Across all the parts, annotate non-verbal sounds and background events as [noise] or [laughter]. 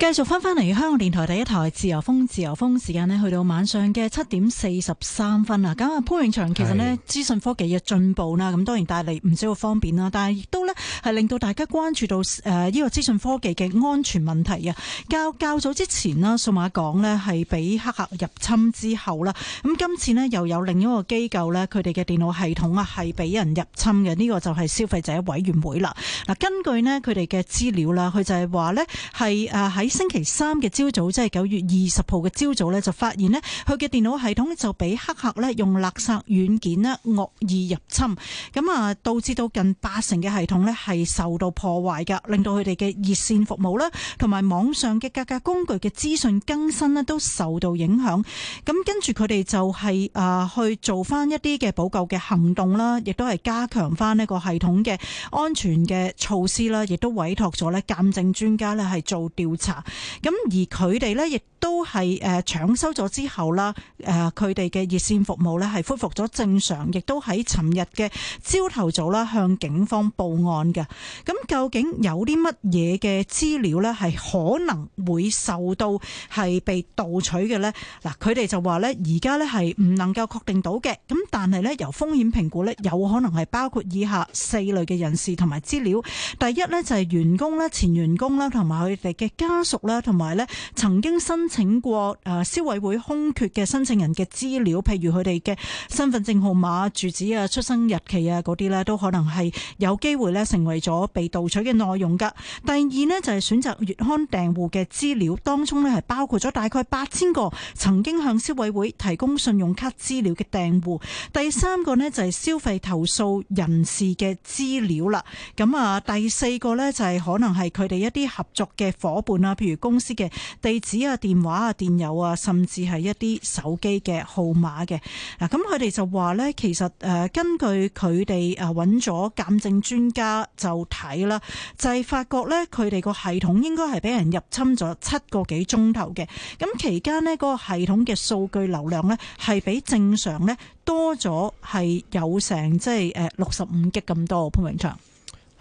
繼續翻翻嚟香港電台第一台自由風，自由風時間呢去到晚上嘅七點四十三分啦。咁啊，潘永祥其實呢資訊科技嘅進步啦，咁當然帶嚟唔少嘅方便啦，但係亦都呢係令到大家關注到誒呢個資訊科技嘅安全問題啊。較較早之前啦，數碼港呢係俾黑客入侵之後啦，咁今次呢又有另一個機構呢，佢哋嘅電腦系統啊係俾人入侵嘅。呢個就係消費者委員會啦。嗱，根據呢佢哋嘅資料啦，佢就係話呢係誒喺。星期三嘅朝早，即係九月二十號嘅朝早咧，就發現咧，佢嘅電腦系統就俾黑客咧用勒索軟件咧惡意入侵，咁啊導致到近八成嘅系統咧係受到破壞噶，令到佢哋嘅熱線服務啦，同埋網上嘅價格工具嘅資訊更新咧都受到影響，咁跟住佢哋就係、是、啊、呃、去做翻一啲嘅補救嘅行動啦，亦都係加強翻呢個系統嘅安全嘅措施啦，亦都委託咗咧鑑證專家咧係做調查。咁而佢哋呢亦都係誒搶修咗之後啦，誒佢哋嘅熱線服務呢係恢復咗正常，亦都喺尋日嘅朝頭早啦向警方報案嘅。咁究竟有啲乜嘢嘅資料呢係可能會受到係被盜取嘅呢，嗱，佢哋就話呢而家呢係唔能夠確定到嘅。咁但係呢由風險評估呢有可能係包括以下四類嘅人士同埋資料。第一呢就係員工啦，前員工啦，同埋佢哋嘅家屬。熟咧，同埋咧，曾經申請過誒消委會空缺嘅申請人嘅資料，譬如佢哋嘅身份證號碼、住址啊、出生日期啊嗰啲咧，都可能係有機會咧成為咗被盜取嘅內容噶。第二咧就係選擇月刊訂戶嘅資料，當中咧係包括咗大概八千個曾經向消委會提供信用卡資料嘅訂戶。第三個呢，就係消費投訴人士嘅資料啦。咁啊，第四個呢，就係可能係佢哋一啲合作嘅伙伴啊。譬如公司嘅地址啊、電話啊、電郵啊，甚至係一啲手機嘅號碼嘅。嗱，咁佢哋就話咧，其實誒，根據佢哋誒揾咗鑑證專家就睇啦，就係、是、發覺咧，佢哋個系統應該係俾人入侵咗七個幾鐘頭嘅。咁期間咧，個系統嘅數據流量咧，係比正常咧多咗，係有成即係誒六十五 G 咁多。潘永祥。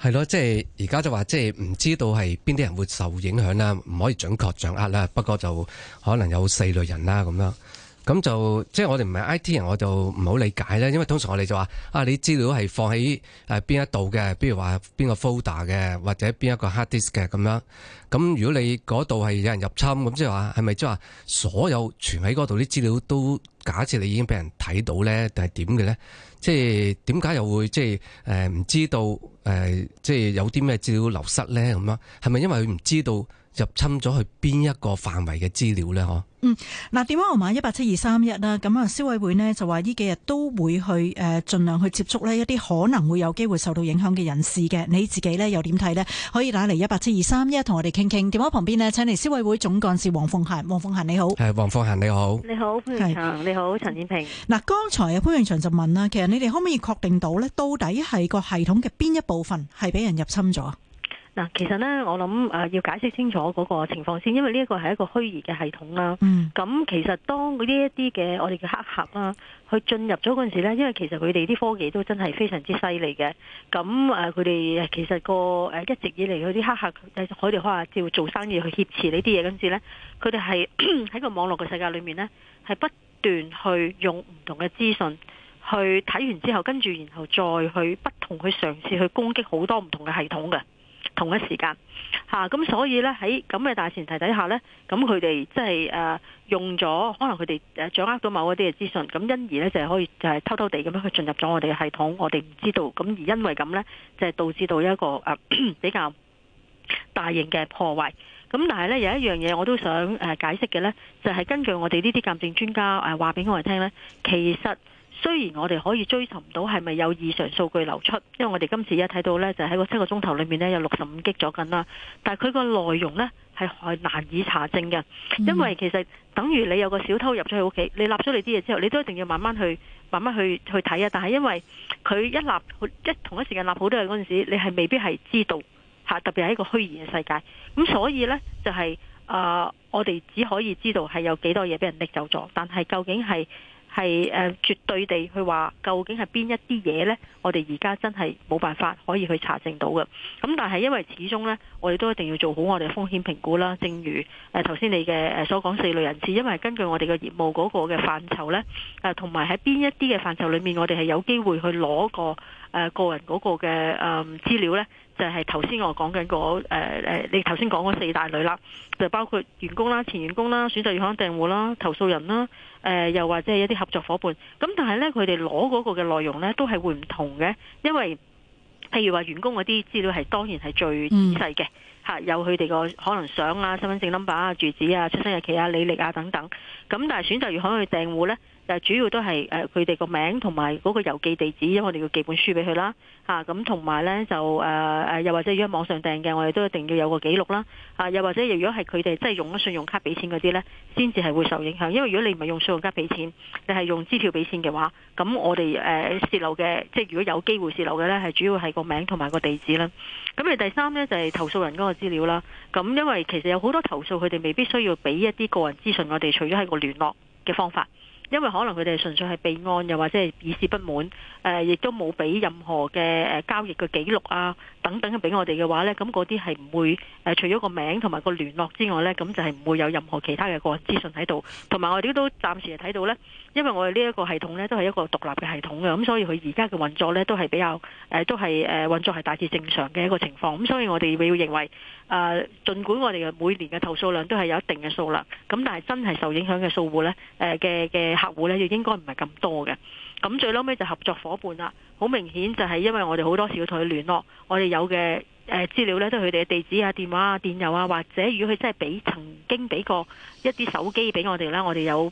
係咯，即係而家就話，即係唔知道係邊啲人會受影響啦，唔可以準確掌握啦。不過就可能有四類人啦，咁樣咁就即係我哋唔係 I T 人，我就唔好理解啦，因為通常我哋就話啊，你啲資料係放喺誒邊一度嘅，比如話邊個 folder 嘅，或者邊一個 hard disk 嘅咁樣。咁如果你嗰度係有人入侵，咁即係話係咪即係話所有存喺嗰度啲資料都假設你已經俾人睇到咧？定係點嘅咧？即係點解又會即係誒唔知道？誒，即係有啲咩資料流失咧？咁樣，係咪因為佢唔知道入侵咗去邊一個範圍嘅資料咧？嗬？嗯，嗱，電話號碼一八七二三一啦，咁啊，消委會呢就話呢幾日都會去誒，盡量去接觸呢一啲可能會有機會受到影響嘅人士嘅，你自己呢，又點睇呢？可以打嚟一八七二三一同我哋傾傾。電話旁邊呢，請嚟消委會總幹事黃鳳嫻，黃鳳嫻你好。係黃鳳嫻你好。你好潘永祥你好陳建平。嗱，剛才啊潘永祥就問啦，其實你哋可唔可以確定到呢？到底係個系統嘅邊一部分係俾人入侵咗嗱，其實呢，我諗誒要解釋清楚嗰個情況先，因為呢一個係一個虛擬嘅系統啦。咁、mm. 其實當呢一啲嘅我哋嘅黑客啦，去進入咗嗰陣時呢，因為其實佢哋啲科技都真係非常之犀利嘅。咁誒，佢哋其實個誒一直以嚟佢啲黑客佢哋可能照做生意去挾持呢啲嘢，跟住呢，佢哋係喺個網絡嘅世界裏面呢，係不斷去用唔同嘅資訊去睇完之後，跟住然後再去不同去嘗試去攻擊好多唔同嘅系統嘅。同一時間，嚇、啊、咁所以呢，喺咁嘅大前提底下呢，咁佢哋即係誒用咗，可能佢哋掌握到某一啲嘅資訊，咁因而呢，就係、是、可以就係偷偷地咁樣去進入咗我哋嘅系統，我哋唔知道，咁而因為咁呢，就係、是、導致到一個、啊、比較大型嘅破壞。咁但係呢，有一樣嘢我都想誒解釋嘅呢，就係、是、根據我哋呢啲鑑證專家誒話俾我哋聽呢。其實。雖然我哋可以追尋到係咪有異常數據流出，因為我哋今次一睇到呢，就喺、是、個七個鐘頭裏面呢，有六十五擊咗緊啦。但係佢個內容呢，係難以查證嘅，因為其實等於你有個小偷入咗去屋企，你攞咗你啲嘢之後，你都一定要慢慢去、慢慢去去睇啊。但係因為佢一攞，一同一時間攞好多嘢嗰陣時，你係未必係知道嚇，特別係一個虛擬嘅世界。咁所以呢，就係、是、啊、呃，我哋只可以知道係有幾多嘢俾人拎走咗，但係究竟係。係誒，絕對地去話究竟係邊一啲嘢呢？我哋而家真係冇辦法可以去查證到嘅。咁但係因為始終呢，我哋都一定要做好我哋風險評估啦。正如誒頭先你嘅所講四類人士，因為根據我哋嘅業務嗰個嘅範疇呢，誒同埋喺邊一啲嘅範疇裏面，我哋係有機會去攞個。誒個人嗰個嘅誒資料呢，就係頭先我講緊嗰誒你頭先講嗰四大類啦，就包括員工啦、前員工啦、《選擇》月刊訂戶啦、投訴人啦，誒又或者一啲合作夥伴。咁但係呢，佢哋攞嗰個嘅內容呢，都係會唔同嘅，因為譬如話員工嗰啲資料係當然係最仔細嘅，有佢哋個可能相啊、身份證 number 啊、住址啊、出生日期啊、履歷啊等等。咁但係《選擇》月刊去訂戶呢？就主要都係誒佢哋個名同埋嗰個郵寄地址，因為我哋要寄本書俾佢啦嚇。咁同埋呢，就誒誒、啊，又或者如果網上訂嘅，我哋都一定要有個記錄啦。啊，又或者如果係佢哋真係用咗信用卡俾錢嗰啲呢，先至係會受影響。因為如果你唔係用信用卡俾錢，你係用支票俾錢嘅話，咁我哋誒泄露嘅，即係如果有機會泄露嘅呢，係主要係個名同埋個地址啦。咁、啊、誒第三呢，就係、是、投訴人嗰個資料啦。咁、啊、因為其實有好多投訴，佢哋未必需要俾一啲個人資訊我哋，我哋除咗係個聯絡嘅方法。因為可能佢哋純粹係備案，又或者係以示不滿，誒亦都冇俾任何嘅誒交易嘅記錄啊等等嘅俾我哋嘅話呢，咁嗰啲係唔會誒除咗個名同埋個聯絡之外呢，咁就係唔會有任何其他嘅個人資訊喺度。同埋我哋都暫時係睇到呢，因為我哋呢一個系統呢都係一個獨立嘅系統嘅，咁所以佢而家嘅運作呢都係比較誒都係誒運作係大致正常嘅一個情況。咁所以我哋要認為。誒，儘管我哋嘅每年嘅投訴量都係有一定嘅數量，咁但係真係受影響嘅數戶呢誒嘅嘅客戶呢，就應該唔係咁多嘅。咁最嬲尾就合作伙伴啦，好明顯就係因為我哋好多時要同佢聯絡，我哋有嘅誒資料呢都係佢哋嘅地址啊、電話啊、電郵啊，或者如果佢真係俾曾經俾過一啲手機俾我哋呢，我哋有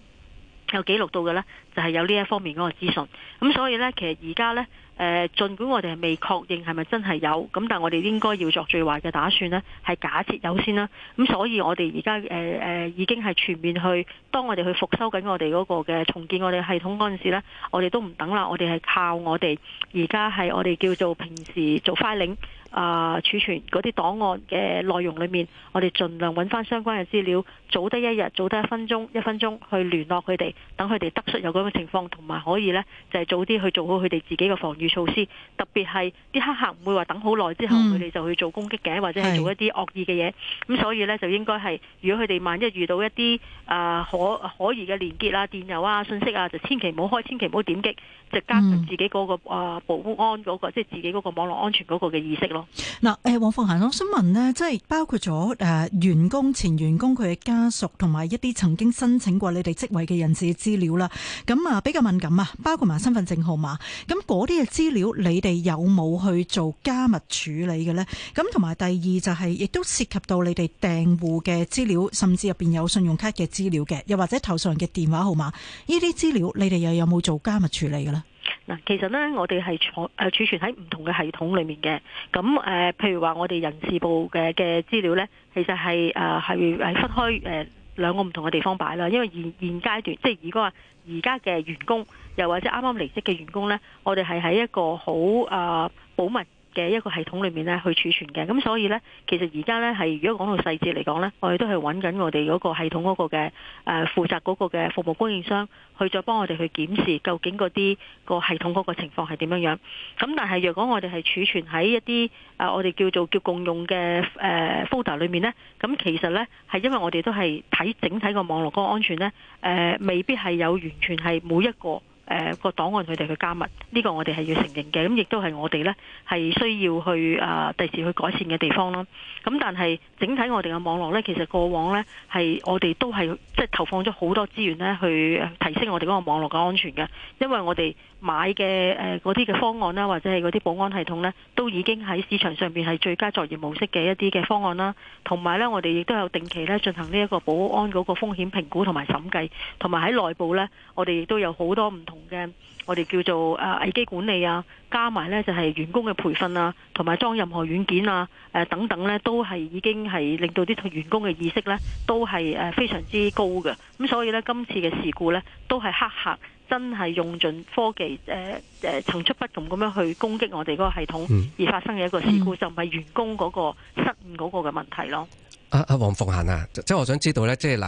有記錄到嘅呢，就係有呢一方面嗰個資訊。咁所以呢，其實而家呢。盡管我哋係未確認係咪真係有，咁但係我哋應該要作最壞嘅打算咧，係假設有先啦。咁所以我哋而家誒誒已經係全面去，當我哋去復修緊我哋嗰個嘅重建我哋系統嗰陣時咧，我哋都唔等啦，我哋係靠我哋而家係我哋叫做平時做 filing 啊、呃、儲存嗰啲檔案嘅內容裏面，我哋盡量揾翻相關嘅資料，早得一日，早得一分鐘，一分鐘去聯絡佢哋，等佢哋得出有咁嘅情況，同埋可以咧就係、是、早啲去做好佢哋自己嘅防御。措施特別係啲黑客唔會話等好耐之後佢哋、嗯、就去做攻擊嘅，或者係做一啲惡意嘅嘢。咁所以呢，就應該係，如果佢哋萬一遇到一啲啊可可疑嘅鏈接啊、電郵啊、信息啊，就千祈唔好開，千祈唔好點擊，就加強自己嗰個啊保安嗰個，即、嗯、係、那個就是、自己嗰個網絡安全嗰個嘅意識咯。嗱，誒，黃鳳嫻，我想問呢，即係包括咗誒員工、前員工佢嘅家屬同埋一啲曾經申請過你哋職位嘅人士嘅資料啦，咁啊比較敏感啊，包括埋身份證號碼，咁嗰啲資料你哋有冇去做加密處理嘅呢？咁同埋第二就係、是，亦都涉及到你哋訂戶嘅資料，甚至入邊有信用卡嘅資料嘅，又或者投訴人嘅電話號碼，呢啲資料你哋又有冇做加密處理嘅呢？嗱，其實呢，我哋係存誒儲存喺唔同嘅系統裏面嘅。咁誒、呃，譬如話我哋人事部嘅嘅資料呢，其實係誒係係分開誒兩個唔同嘅地方擺啦。因為現現階段即係如果話而家嘅員工，又或者啱啱離職嘅員工呢，我哋係喺一個好啊、呃、保密嘅一個系統裏面呢去儲存嘅，咁所以呢，其實而家呢，係如果講到細節嚟講呢，我哋都係揾緊我哋嗰個系統嗰個嘅誒、呃、負責嗰個嘅服務供應商去再幫我哋去檢視究竟嗰啲個系統嗰個情況係點樣樣。咁但係若果我哋係儲存喺一啲啊、呃、我哋叫做叫共用嘅誒 folder 裏面呢，咁其實呢，係因為我哋都係睇整體個網絡個安全呢，誒、呃、未必係有完全係每一個。誒個檔案佢哋去加密，呢個我哋係要承認嘅，咁亦都係我哋呢係需要去啊，第時去改善嘅地方咯。咁但係整體我哋嘅網絡呢，其實過往呢係我哋都係即係投放咗好多資源呢去提升我哋嗰個網絡嘅安全嘅，因為我哋買嘅誒嗰啲嘅方案啦，或者係嗰啲保安系統呢，都已經喺市場上邊係最佳作業模式嘅一啲嘅方案啦。同埋呢，我哋亦都有定期呢進行呢一個保安嗰個風險評估同埋審計，同埋喺內部呢，我哋亦都有好多唔同嘅 [noise] [noise] 我哋叫做誒危機管理啊，加埋呢就係員工嘅培訓啊，同埋裝任何軟件啊誒、呃、等等呢，都係已經係令到啲員工嘅意識呢，都係誒非常之高嘅。咁所以呢，今次嘅事故呢，都係黑客真係用盡科技誒誒層出不窮咁樣去攻擊我哋嗰個系統而發生嘅一個事故，嗯、就唔係員工嗰個失誤嗰個嘅問題咯。阿阿黃鳳嫻啊，即係我想知道咧，即係嗱，誒、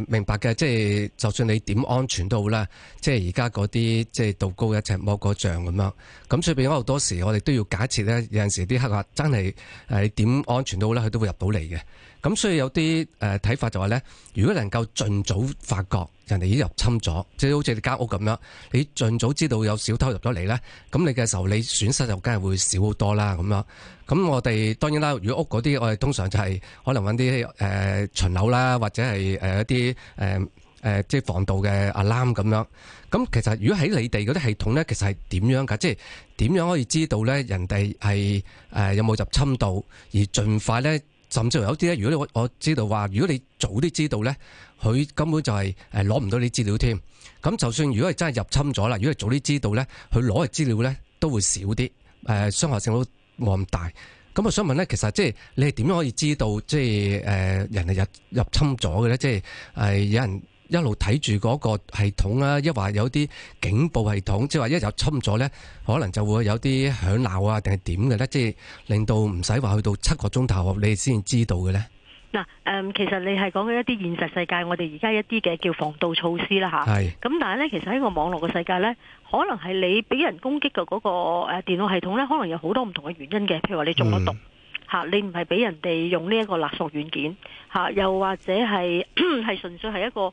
啊、明白嘅，即係就算你點安全都好啦，即係而家嗰啲即係道高一尺，魔高一丈咁樣。咁所以變咗好多時，我哋都要假設咧，有陣時啲黑客真係係點安全都好啦，佢都會入到嚟嘅。咁所以有啲誒睇法就係、是、咧，如果能夠儘早發覺人哋已經入侵咗，即係好似你間屋咁樣，你儘早知道有小偷入咗嚟咧，咁你嘅時候你損失就梗係會少好多啦，咁樣。咁我哋當然啦。如果屋嗰啲，我哋通常就係可能搵啲誒巡樓啦，或者係一啲誒即係防盜嘅 alarm 咁樣。咁其實如果喺你哋嗰啲系統咧，其實係點樣㗎？即係點樣可以知道咧？人哋係誒有冇入侵到，而盡快咧，甚至有啲咧。如果我我知道話，如果你早啲知道咧，佢根本就係誒攞唔到你資料添。咁就算如果係真係入侵咗啦，如果你早啲知道咧，佢攞嘅資料咧都會少啲誒、呃、傷害性好冇咁大，咁我想問咧，其實即係你係點樣可以知道，即係誒、呃、人哋入入侵咗嘅咧？即係誒、呃、有人一路睇住嗰個系統啊，抑或有啲警報系統，即係話一入侵咗咧，可能就會有啲響鬧啊，定係點嘅咧？即係令到唔使話去到七個鐘頭，你哋先知道嘅咧？嗱，誒，其實你係講緊一啲現實世界，我哋而家一啲嘅叫防盜措施啦，吓，係。咁但係咧，其實喺個網絡嘅世界咧。可能係你俾人攻擊嘅嗰個誒電腦系統呢，可能有好多唔同嘅原因嘅，譬如話你中咗毒吓、嗯啊，你唔係俾人哋用呢一個勒索軟件吓、啊，又或者係係純粹係一個誒誒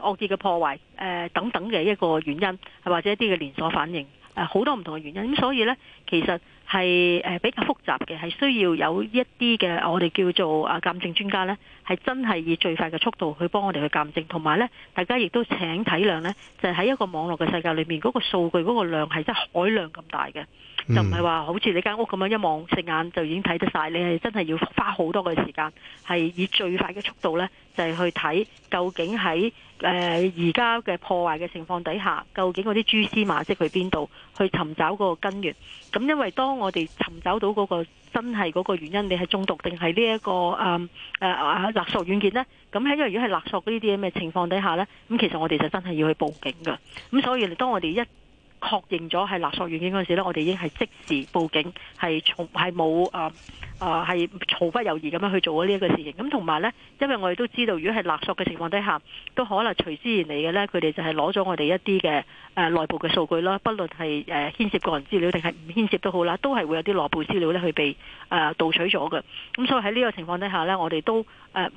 惡意嘅破壞誒、呃、等等嘅一個原因，係或者一啲嘅連鎖反應誒好、啊、多唔同嘅原因，咁所以呢，其實。係誒比較複雜嘅，係需要有一啲嘅我哋叫做啊鑑證專家呢，係真係以最快嘅速度去幫我哋去鑑證，同埋呢，大家亦都請體諒呢，就喺、是、一個網絡嘅世界裏面，嗰、那個數據嗰個量係真係海量咁大嘅、嗯，就唔係話好似你間屋咁樣一望隻眼就已經睇得晒。你係真係要花好多嘅時間，係以最快嘅速度呢，就係、是、去睇究竟喺誒而家嘅破壞嘅情況底下，究竟嗰啲蛛絲馬跡去邊度，去尋找嗰個根源。咁因為當當我哋尋找到嗰個真係嗰個原因，你係中毒定係呢一個誒誒、嗯啊、勒索軟件呢？咁喺因為如果係勒索呢啲咁嘅情況底下呢，咁其實我哋就真係要去報警㗎。咁所以當我哋一確認咗係勒索軟件嗰陣時咧，我哋已經係即時報警，係從係冇誒。誒係毫不猶豫咁樣去做咗呢一個事情，咁同埋呢，因為我哋都知道，如果係勒索嘅情況底下，都可能隨之而嚟嘅呢，佢哋就係攞咗我哋一啲嘅誒內部嘅數據啦，不論係誒、呃、牽涉個人資料定係唔牽涉都好啦，都係會有啲內部資料呢去被誒、呃、盜取咗嘅。咁所以喺呢個情況底下呢，我哋都誒唔、呃、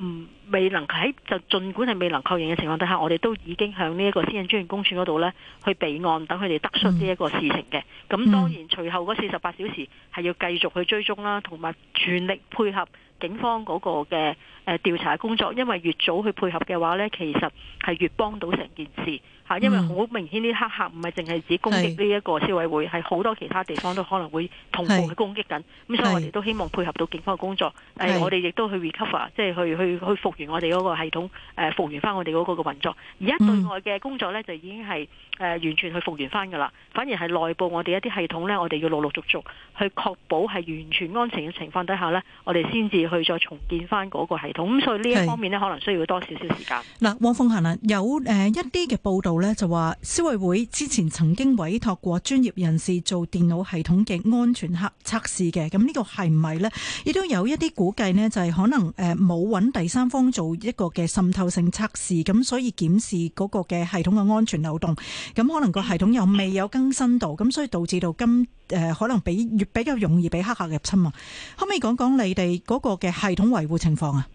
未能喺就儘管係未能夠認未能確認嘅情況底下，我哋都已經向呢一個私隱專員公署嗰度呢去備案，等佢哋得出呢一個事情嘅。咁當然隨後嗰四十八小時係要繼續去追蹤啦，同埋。全力配合警方嗰個嘅誒調查工作，因為越早去配合嘅話咧，其實係越幫到成件事。因為好明顯啲黑客唔係淨係指攻擊呢一個消委會，係好多其他地方都可能會同步去攻擊緊。咁所以我哋都希望配合到警方嘅工作。誒、呃，我哋亦都去 recover，即係去去去復原我哋嗰個系統，誒復原翻我哋嗰個嘅運作。而家對外嘅工作咧就已經係誒完全去復原翻㗎啦。反而係內部我哋一啲系統咧，我哋要陸陸續續去確保係完全安全嘅情況底下咧，我哋先至去再重建翻嗰個系統。咁所以呢一方面咧，可能需要多少少時間。嗱，黃鳳嫻有誒一啲嘅報道。咧就話消委會之前曾經委託過專業人士做電腦系統嘅安全測測試嘅，咁呢個係唔係呢？亦都有一啲估計呢，就係可能誒冇揾第三方做一個嘅滲透性測試，咁所以檢視嗰個嘅系統嘅安全漏洞，咁可能個系統又未有更新到，咁所以導致到今誒可能比越比較容易俾黑客入侵啊。可唔可以講講你哋嗰個嘅系統維護情況啊？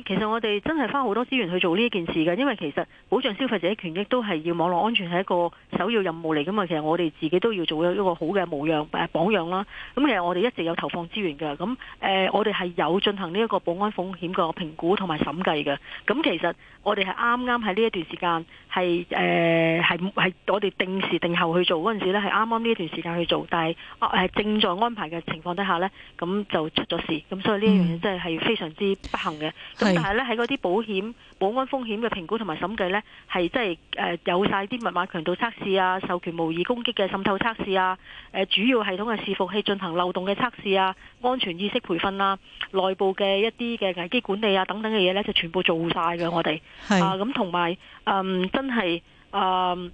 其實我哋真係花好多資源去做呢一件事嘅，因為其實保障消費者權益都係要網絡安全係一個首要任務嚟噶嘛。其實我哋自己都要做一個好嘅模樣榜樣啦。咁其實我哋一直有投放資源嘅，咁誒、呃、我哋係有進行呢一個保安風險嘅評估同埋審計嘅。咁其實我哋係啱啱喺呢一段時間係誒係係我哋定時定候去做嗰陣時呢係啱啱呢一段時間去做，但係正在安排嘅情況底下呢，咁就出咗事。咁所以呢樣嘢真係係非常之不幸嘅。咁但係咧喺嗰啲保險保安風險嘅評估同埋審計呢，係即係有晒啲密碼強度測試啊、授權模擬攻擊嘅滲透測試啊、呃、主要系統嘅伺服器進行漏洞嘅測試啊、安全意識培訓啊、內部嘅一啲嘅危機管理啊等等嘅嘢呢，就全部做晒嘅我哋啊，咁同埋嗯真係啊。呃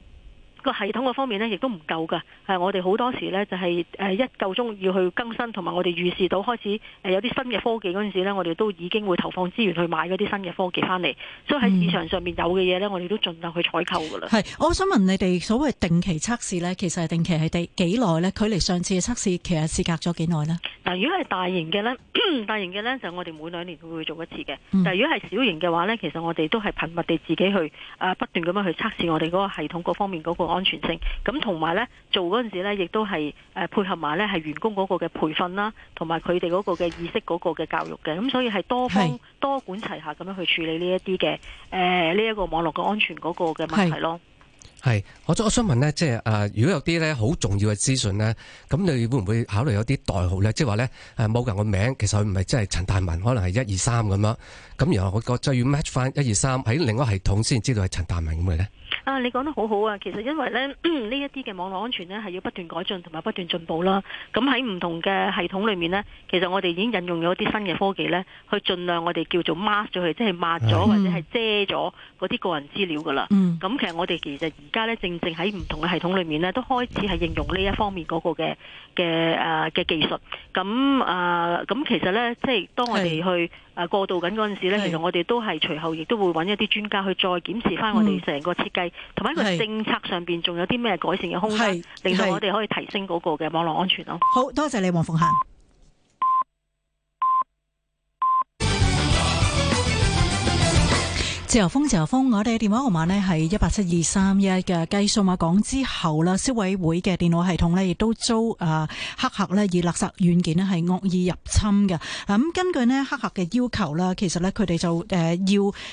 個系統嗰方面咧，亦都唔夠㗎。係我哋好多時咧，就係誒一夠鐘要去更新，同埋我哋預示到開始有啲新嘅科技嗰陣時咧，我哋都已經會投放資源去買嗰啲新嘅科技翻嚟。所以喺市場上面有嘅嘢咧，我哋都盡量去採購㗎啦。係，我想問你哋所謂定期測試咧，其實係定期係第幾耐咧？距離上次嘅測試其實是隔咗幾耐咧？嗱，如果係大型嘅咧，大型嘅咧就我哋每兩年都會做一次嘅。但係如果係小型嘅話咧，其實我哋都係頻密地自己去誒不斷咁樣去測試我哋嗰個系統嗰方面嗰個。安全性咁同埋咧做嗰陣時咧，亦都係誒配合埋咧係員工嗰個嘅培訓啦，同埋佢哋嗰個嘅意識嗰個嘅教育嘅，咁所以係多方多管齊下咁樣去處理呢一啲嘅誒呢一個網絡嘅安全嗰個嘅問題咯。係，我我想問呢，即係誒，如果有啲咧好重要嘅資訊呢，咁你會唔會考慮有啲代號咧？即係話呢，誒，冇人個名其實佢唔係真係陳大文，可能係一二三咁樣，咁然後我我就要 match 翻一二三喺另一個系統先知道係陳大文咁嚟咧。啊！你講得好好啊！其實因為咧，呢一啲嘅網絡安全咧，係要不斷改進同埋不斷進步啦。咁喺唔同嘅系統裏面呢，其實我哋已經引用咗一啲新嘅科技呢，去盡量我哋叫做 mask 咗佢，即係抹咗或者係遮咗嗰啲個人資料噶啦。咁、嗯、其實我哋其實而家呢，正正喺唔同嘅系統裏面呢，都開始係應用呢一方面嗰個嘅嘅誒嘅技術。咁啊，咁其實呢，即係當我哋去，哎誒過渡緊嗰陣時呢，其實我哋都係隨後亦都會揾一啲專家去再檢視翻我哋成個設計，同、嗯、埋一個政策上面仲有啲咩改善嘅空間，令到我哋可以提升嗰個嘅網絡安全咯。好多謝，謝你，黃鳳嫻。自由風，自由風，我哋嘅電話號碼呢係一八七二三一嘅。繼數碼港之後啦，消委會嘅電腦系統呢亦都遭啊黑客，呢以勒索軟件呢係惡意入侵嘅。咁根據呢黑客嘅要求啦，其實呢佢哋就誒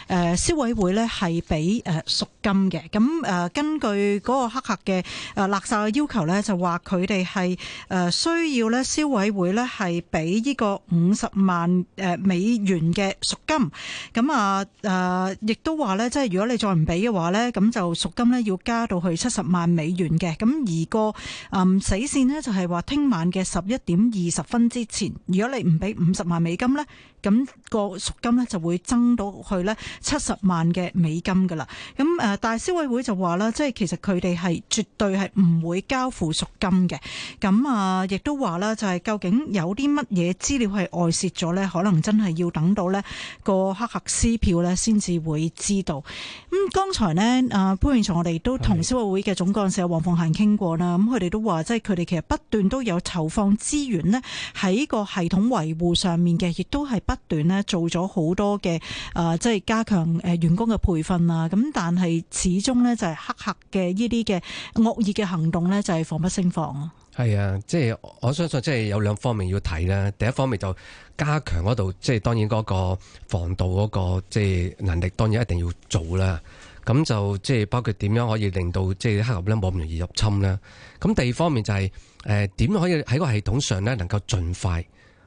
要誒消委會呢係俾誒贖金嘅。咁誒根據嗰個黑客嘅誒勒索嘅要求呢就話佢哋係誒需要呢消委會呢係俾呢個五十萬誒美元嘅贖金。咁啊誒。亦都話咧，即係如果你再唔俾嘅話咧，咁就贖金咧要加到去七十萬美元嘅。咁而個，嗯，死線呢，就係話聽晚嘅十一點二十分之前，如果你唔俾五十萬美金咧。咁個贖金呢就會增到去呢七十萬嘅美金㗎啦。咁誒，但係消委會就話啦，即係其實佢哋係絕對係唔會交付贖金嘅。咁啊，亦都話啦，就係究竟有啲乜嘢資料係外泄咗呢？可能真係要等到呢個黑客撕票呢先至會知道。咁剛才呢，啊潘榮松我哋都同消委會嘅總幹事黃鳳嫻傾過啦。咁佢哋都話，即係佢哋其實不斷都有投放資源呢，喺個系統維護上面嘅，亦都係不不斷咧做咗好多嘅，誒，即係加強誒員工嘅培訓啊。咁但係始終呢，就係黑客嘅呢啲嘅惡意嘅行動呢，就係防不勝防。啊。係啊，即係我相信，即係有兩方面要睇啦。第一方面就是加強嗰度，即係當然嗰個防盜嗰個即係能力，當然一定要做啦。咁就即係包括點樣可以令到即係黑客咧冇咁容易入侵呢。咁第二方面就係誒點樣可以喺個系統上呢，能夠盡快。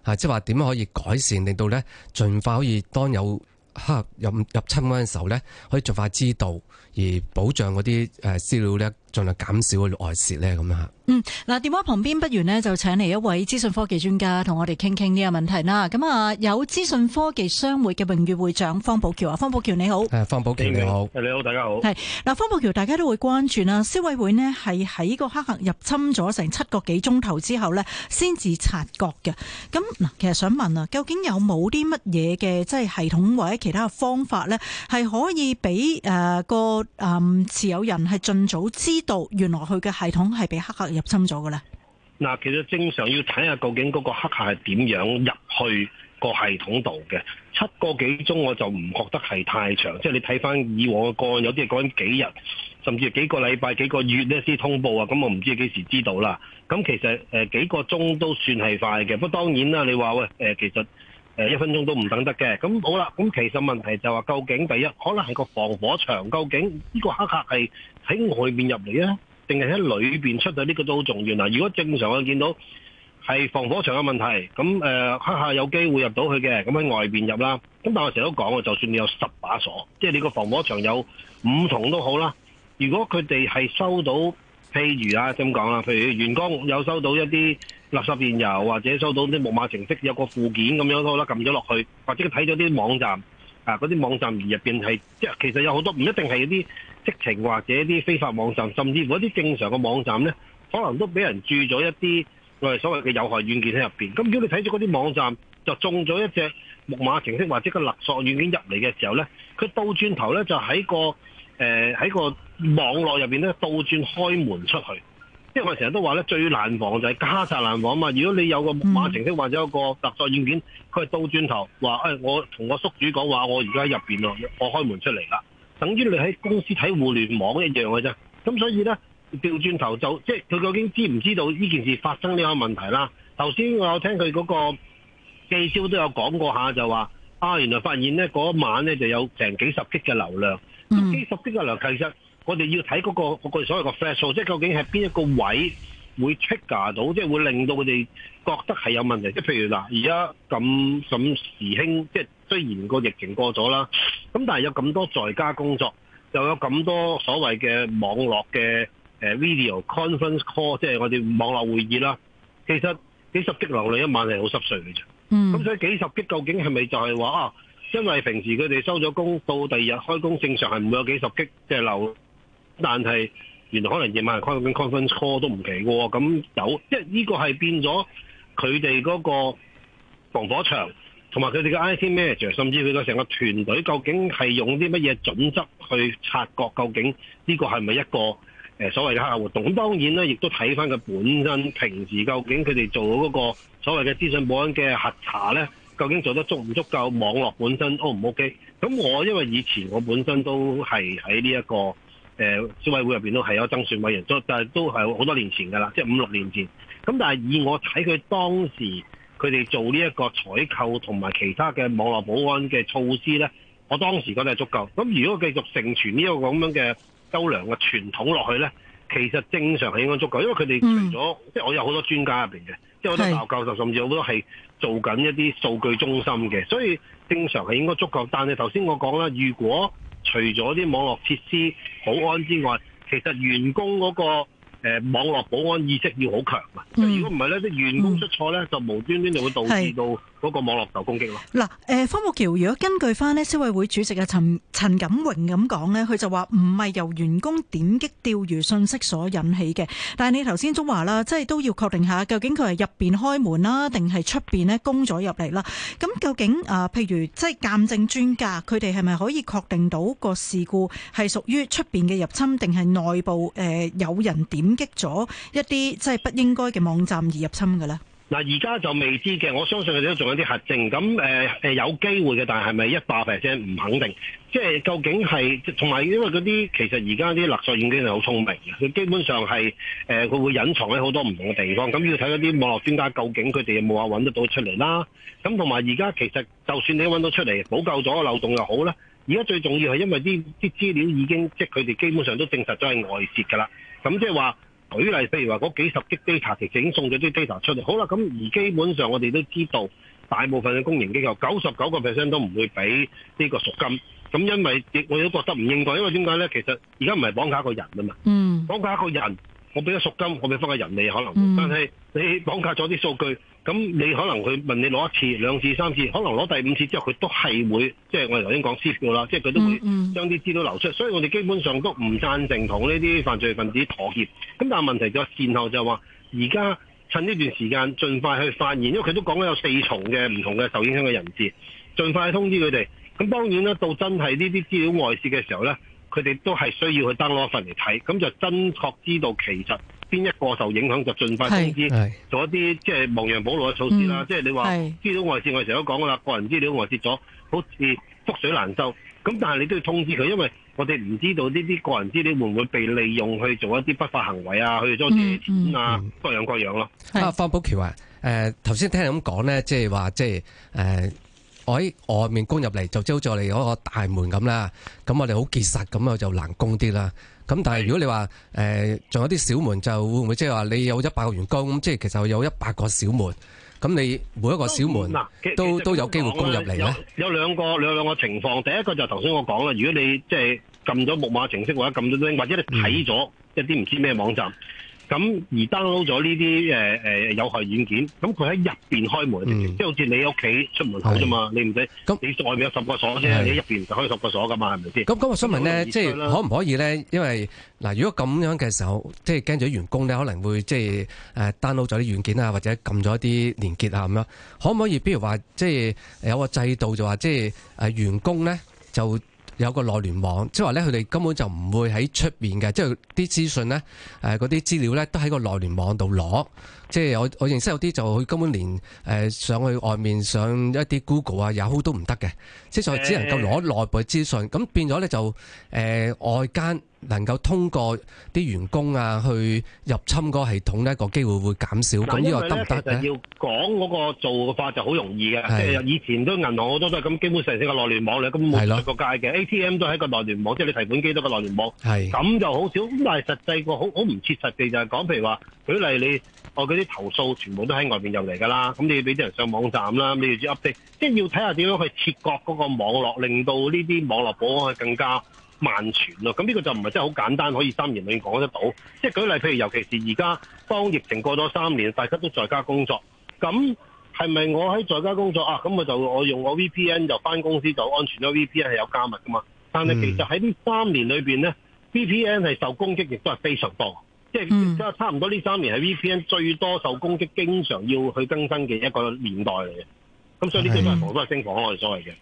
啊，即係話點樣可以改善，令到咧盡快可以當有黑客入侵嗰陣時候咧，可以盡快知道。而保障嗰啲誒資料咧，盡量減少嘅外泄咧，咁樣嗯，嗱，電話旁邊不如咧就請嚟一位資訊科技專家同我哋傾傾呢個問題啦。咁啊，有資訊科技商會嘅榮譽會長方保僑啊，方保僑你好。誒，方保僑你好。誒，你好，大家好。係嗱，方保僑，大家都會關注啦。消委會咧係喺個黑客入侵咗成七個幾鐘頭之後咧，先至察覺嘅。咁嗱，其實想問啊，究竟有冇啲乜嘢嘅即係系統或者其他嘅方法咧，係可以俾誒、呃、個。嗯，持有人係盡早知道原來佢嘅系統係畀黑客入侵咗嘅咧。嗱，其實正常要睇下究竟嗰個黑客係點樣入去個系統度嘅。七個幾鐘我就唔覺得係太長，即係你睇翻以往嘅個案有啲係講緊幾日，甚至幾個禮拜、幾個月呢先通報啊。咁我唔知幾時知道啦。咁其實誒幾個鐘都算係快嘅。不過當然啦，你話喂誒其實。誒一分鐘都唔等得嘅，咁好啦。咁其實問題就係究竟第一，可能係個防火牆究竟呢個黑客係喺外面入嚟啊，定係喺裏邊出？啊，呢個都好重要嗱。如果正常我見到係防火牆嘅問題，咁誒黑客有機會入到去嘅，咁喺外邊入啦。咁但係我成日都講啊，就算你有十把鎖，即係你個防火牆有五重都好啦。如果佢哋係收到，譬如啊，點講啦？譬如員工有收到一啲垃圾電郵，或者收到啲木馬程式，有個附件咁樣啦，撳咗落去，或者佢睇咗啲網站，啊嗰啲網站而入面係即係其實有好多唔一定係啲色情或者啲非法網站，甚至乎嗰啲正常嘅網站呢，可能都俾人注咗一啲我哋所謂嘅有害軟件喺入面。咁如果你睇咗嗰啲網站就中咗一隻木馬程式或者個勒索軟件入嚟嘅時候呢，佢倒轉頭呢，就喺個喺、呃、個網絡入面呢，倒轉開門出去。即係我成日都話咧，最難防就係家賊難防啊嘛！如果你有個木馬程式或者有個勒索軟件，佢、嗯、係倒轉頭話，誒、哎，我同個宿主講話，我而家入邊咯，我開門出嚟啦。等於你喺公司睇互聯網一樣嘅啫。咁所以咧，調轉頭就即係佢究竟知唔知道呢件事發生呢個問題啦？頭先我有聽佢嗰個記者都有講過一下，就話啊，原來發現咧嗰晚咧就有成幾十億嘅流量。咁幾十億嘅流量其實～我哋要睇嗰個嗰所謂個 threshold 即係究竟係邊一個位會 trigger 到，即係會令到佢哋覺得係有問題。即譬如嗱，而家咁咁時興，即係雖然個疫情過咗啦，咁但係有咁多在家工作，又有咁多所謂嘅網絡嘅 video conference call，即係我哋網絡會議啦。其實幾十激流量一晚係好濕碎嘅啫。咁、mm. 所以幾十激究竟係咪就係話啊？因為平時佢哋收咗工到第二日開工，正常係唔會有幾十激即係流。但係原來可能夜晚係 conference conference call 都唔奇嘅喎，咁有，即係呢個係變咗佢哋嗰個防火牆，同埋佢哋嘅 IT manager，甚至佢個成個團隊，究竟係用啲乜嘢準則去察覺究竟呢個係咪一個誒所謂嘅黑客活動？咁當然咧，亦都睇翻佢本身平時究竟佢哋做嗰個所謂嘅資訊保安嘅核查咧，究竟做得足唔足夠？網絡本身 O 唔 O K？咁我因為以前我本身都係喺呢一個。誒，消委會入面都係有曾選委員，但都，但係都係好多年前㗎啦，即係五六年前。咁但係以我睇佢當時佢哋做呢一個採購同埋其他嘅網絡保安嘅措施咧，我當時覺得係足夠。咁如果繼續承傳呢個咁樣嘅優良嘅傳統落去咧，其實正常係應該足夠，因為佢哋除咗、嗯、即係我有好多專家入面嘅，即係好多大學教授，甚至好多係做緊一啲數據中心嘅，所以正常係應該足夠。但係頭先我講啦，如果除咗啲網絡設施保安之外，其實員工嗰、那個、呃、網絡保安意識要好強啊！如果唔係咧，啲員工出錯咧、嗯，就無端端就會導致到，嗰、那個網絡受攻擊咯。嗱，誒，方保僑，如果根據翻呢消委會主席啊陳陳錦榮咁講呢，佢就話唔係由員工點擊釣魚信息所引起嘅。但你頭先都話啦，即係都要確定下，究竟佢係入面開門啦，定係出面呢攻咗入嚟啦？咁究竟啊，譬如即係、就是、鑑證專家，佢哋係咪可以確定到個事故係屬於出面嘅入侵，定係內部誒有人點擊咗一啲即係不應該嘅網站而入侵嘅呢？嗱，而家就未知嘅，我相信佢哋都仲有啲核證，咁誒、呃、有機會嘅，但係咪一百 percent 唔肯定？即係究竟係，同埋因為嗰啲其實而家啲勒索軟件係好聰明嘅，佢基本上係誒佢會隱藏喺好多唔同嘅地方，咁要睇嗰啲網絡專家究竟佢哋有冇話揾得到出嚟啦。咁同埋而家其實就算你揾到出嚟補救咗個漏洞又好啦，而家最重要係因為啲啲資料已經即係佢哋基本上都證實咗係外泄㗎啦，咁即係話。舉例，譬如話嗰幾十億 data，其實已經送咗啲 data 出嚟。好啦，咁而基本上我哋都知道，大部分嘅公營機構九十九個 percent 都唔會俾呢個贖金。咁因為亦我都覺得唔應該，因為點解咧？其實而家唔係綁架一個人啊嘛。嗯。綁架一個人，我俾咗贖金，我俾翻個人你可能、嗯，但係你綁架咗啲數據。咁你可能佢問你攞一次、兩次、三次，可能攞第五次之後，佢都係會，即係我哋頭先講撕票啦，即係佢都會將啲資料流出，所以我哋基本上都唔贊成同呢啲犯罪分子妥協。咁但係問題就係善後就話，而家趁呢段時間盡快去發現，因為佢都講咗有四重嘅唔同嘅受影響嘅人士，盡快去通知佢哋。咁當然啦，到真係呢啲資料外泄嘅時候咧，佢哋都係需要去登攞一份嚟睇，咁就真確知道其實。邊一個受影響就盡快通知，做一啲即係亡羊補牢嘅措施啦，嗯。即係你話資料外洩，我哋成日都講噶啦，個人資料外洩咗，好似覆水難收。咁但係你都要通知佢，因為我哋唔知道呢啲個人資料會唔會被利用去做一啲不法行為啊，去做借錢啊、嗯，各樣各樣咯。啊，方保僑啊，誒，頭先聽你咁講咧，即係話即係誒，喺外面攻入嚟，就即咗好嚟嗰個大門咁啦。咁我哋好結實，咁啊就難攻啲啦。咁但係如果你話誒，仲有啲小門就會唔會，即係話你有一百個員工咁，即係其實有一百個小門，咁你每一個小門都都有機會攻入嚟咧？有兩個，有兩個情況。第一個就頭先我講啦，如果你即係撳咗木馬程式或者撳咗或者你睇咗一啲唔知咩網站。嗯咁而 download 咗呢啲誒誒有害軟件，咁佢喺入邊開門，即係好似你屋企出門口啫嘛，你唔使咁你外面有十個鎖啫，你入邊就開十個鎖噶嘛，係咪先？咁咁我想問咧，即係可唔可以咧？因為嗱，如果咁樣嘅時候，即係驚咗員工咧，可能會即係 download 咗啲軟件啊，或者撳咗一啲連結啊，咁樣可唔可以？譬如話，即係有個制度就話，即係誒員工咧就。有個內聯網，即係話咧，佢哋根本就唔會喺出邊嘅，即係啲資訊咧，嗰啲資料咧，都喺個內聯網度攞。即係我我認識有啲就佢根本連誒上去外面上一啲 Google 啊 Yahoo 都唔得嘅，即係只能夠攞內部嘅資訊。咁變咗咧就誒外間能夠通過啲員工啊去入侵個系統，呢個機會會減少。咁呢個得唔得？要講嗰個做法就好容易嘅，即係以前都銀行好多都係咁，基本上係一個內聯網嚟，根本冇國界嘅。ATM 都係一個內聯網，即係你提款機都係內聯網。係咁就好少。咁但係實際個好好唔切實嘅就係講，譬如話舉例你哦佢。啲投訴全部都喺外邊入嚟噶啦，咁你要俾啲人上網站啦，你要 update，即係要睇下點樣去切割嗰個網絡，令到呢啲網絡保安係更加萬全咯。咁呢個就唔係真係好簡單可以三言兩語講得到。即係舉例，譬如尤其是而家當疫情過咗三年，大家都在家工作，咁係咪我喺在，在家工作啊？咁我就我用我 VPN 就翻公司就安全咗。VPN 係有加密噶嘛，但係其實喺呢三年裏邊咧、嗯、VPN 係受攻擊亦都係非常多。即、嗯、係差唔多呢三年係 VPN 最多受攻擊、經常要去更新嘅一個年代嚟嘅，咁所以呢啲都係防火牆嗰類我哋所謂嘅。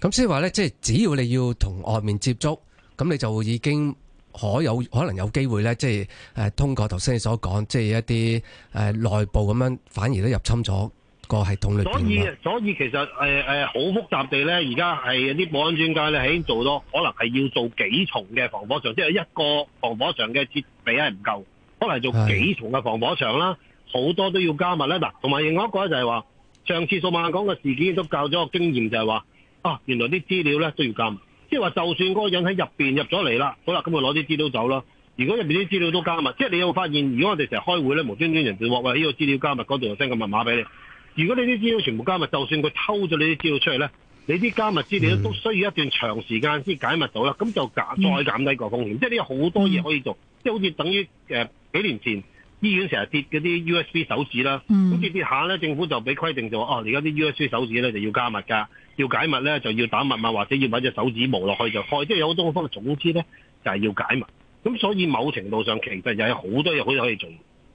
咁所以話咧，即係只要你要同外面接觸，咁你就已經可有可能有機會咧，即係誒、呃、通過頭先你所講，即係一啲誒、呃、內部咁樣，反而都入侵咗個系統裏面。所以所以其實誒誒好複雜地咧，而家係啲保安專家咧係已經做到，可能係要做幾重嘅防火牆，即係一個防火牆嘅設備係唔夠。可能做幾重嘅防火牆啦，好多都要加密啦、啊。嗱，同埋另外一個咧就係話，上次數碼港嘅事件都教咗個經驗，就係話，啊，原來啲資料咧都要加密。即係話，就算嗰個人喺入面入咗嚟啦，好啦，咁佢攞啲資料走啦。如果入面啲資料都加密，即係你會發現，如果我哋成日開會咧，無端端人哋話話呢個資料加密，嗰度又 send 個密碼俾你。如果你啲資料全部加密，就算佢偷咗你啲資料出嚟咧。你啲加密資料都需要一段長時間先解密到啦，咁、mm. 就再減低個風險。Mm. 即係你有好多嘢可以做，即係好似等於誒、呃、幾年前醫院成日跌嗰啲 USB 手指啦，咁跌跌下咧，政府就俾規定就話，哦，而家啲 USB 手指咧就要加密㗎，要解密咧就要打密碼，或者要搵隻手指模落去就開。即係有好多方法，總之咧就係、是、要解密。咁所以某程度上其實又有好多嘢可以做。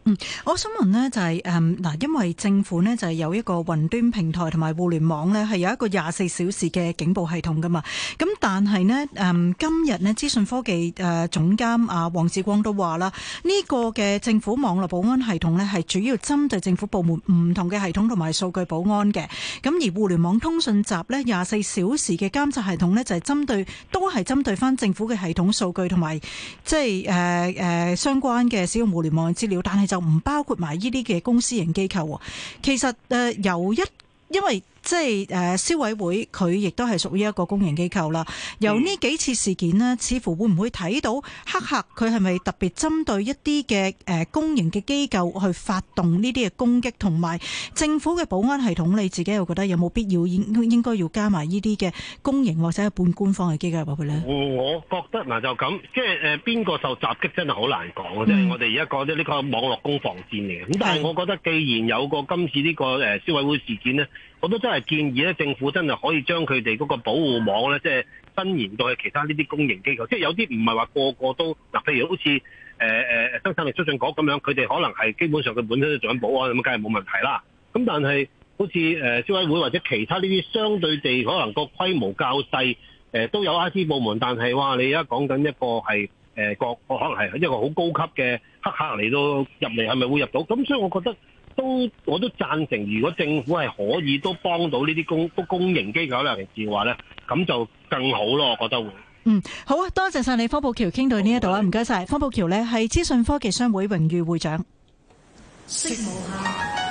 嗯，我想問咧就係誒嗱，因為政府咧就係、是、有一個雲端平台同埋互聯網咧係有一個廿四小時嘅警報系統噶嘛。咁但係咧誒今日咧資訊科技誒、呃、總監阿黃志光都話啦，呢、這個嘅政府網絡保安系統咧係主要針對政府部門唔同嘅系統同埋數據保安嘅。咁而互聯網通訊集咧廿四小時嘅監察系統咧就係、是、針對都係針對翻政府嘅系統數據同埋即係誒誒相關嘅使用互聯網嘅資料，但係就又唔包括埋呢啲嘅公司型機構，其實誒、呃、有一，因為。即係係誒、呃、消委會，佢亦都係屬於一個公營機構啦。由呢幾次事件呢、嗯，似乎會唔會睇到黑客佢係咪特別針對一啲嘅誒公營嘅機構去發動呢啲嘅攻擊，同埋政府嘅保安系統？你自己又覺得有冇必要應應該要加埋呢啲嘅公營或者係半官方嘅機構入去呢？我覺得嗱就咁，即係誒邊個受襲擊真係好難講、嗯、即係我哋而家講咗呢個網絡攻防戰嚟嘅，咁但係我覺得既然有個今次呢、呢個、呃、消委會事件呢。我都真係建議咧，政府真係可以將佢哋嗰個保護網咧，即係伸延到去其他呢啲公營機構。即係有啲唔係話個個都嗱，譬如好似誒誒生產力促進局咁樣，佢哋可能係基本上佢本身都做緊保安咁，梗係冇問題啦。咁但係好似誒消委會或者其他呢啲相對地可能個規模較細，誒都有 IT 部門，但係話你而家講緊一個係誒個可能係一個好高級嘅黑客嚟到入嚟，係咪會入到？咁所以我覺得。都我都贊成，如果政府係可以都幫到呢啲公公營機構人事嘅話咧，咁就更好咯。我覺得會，嗯好啊，多謝晒你，方保僑，傾到呢一度啦，唔該晒。方保僑咧係資訊科技商會榮譽會長。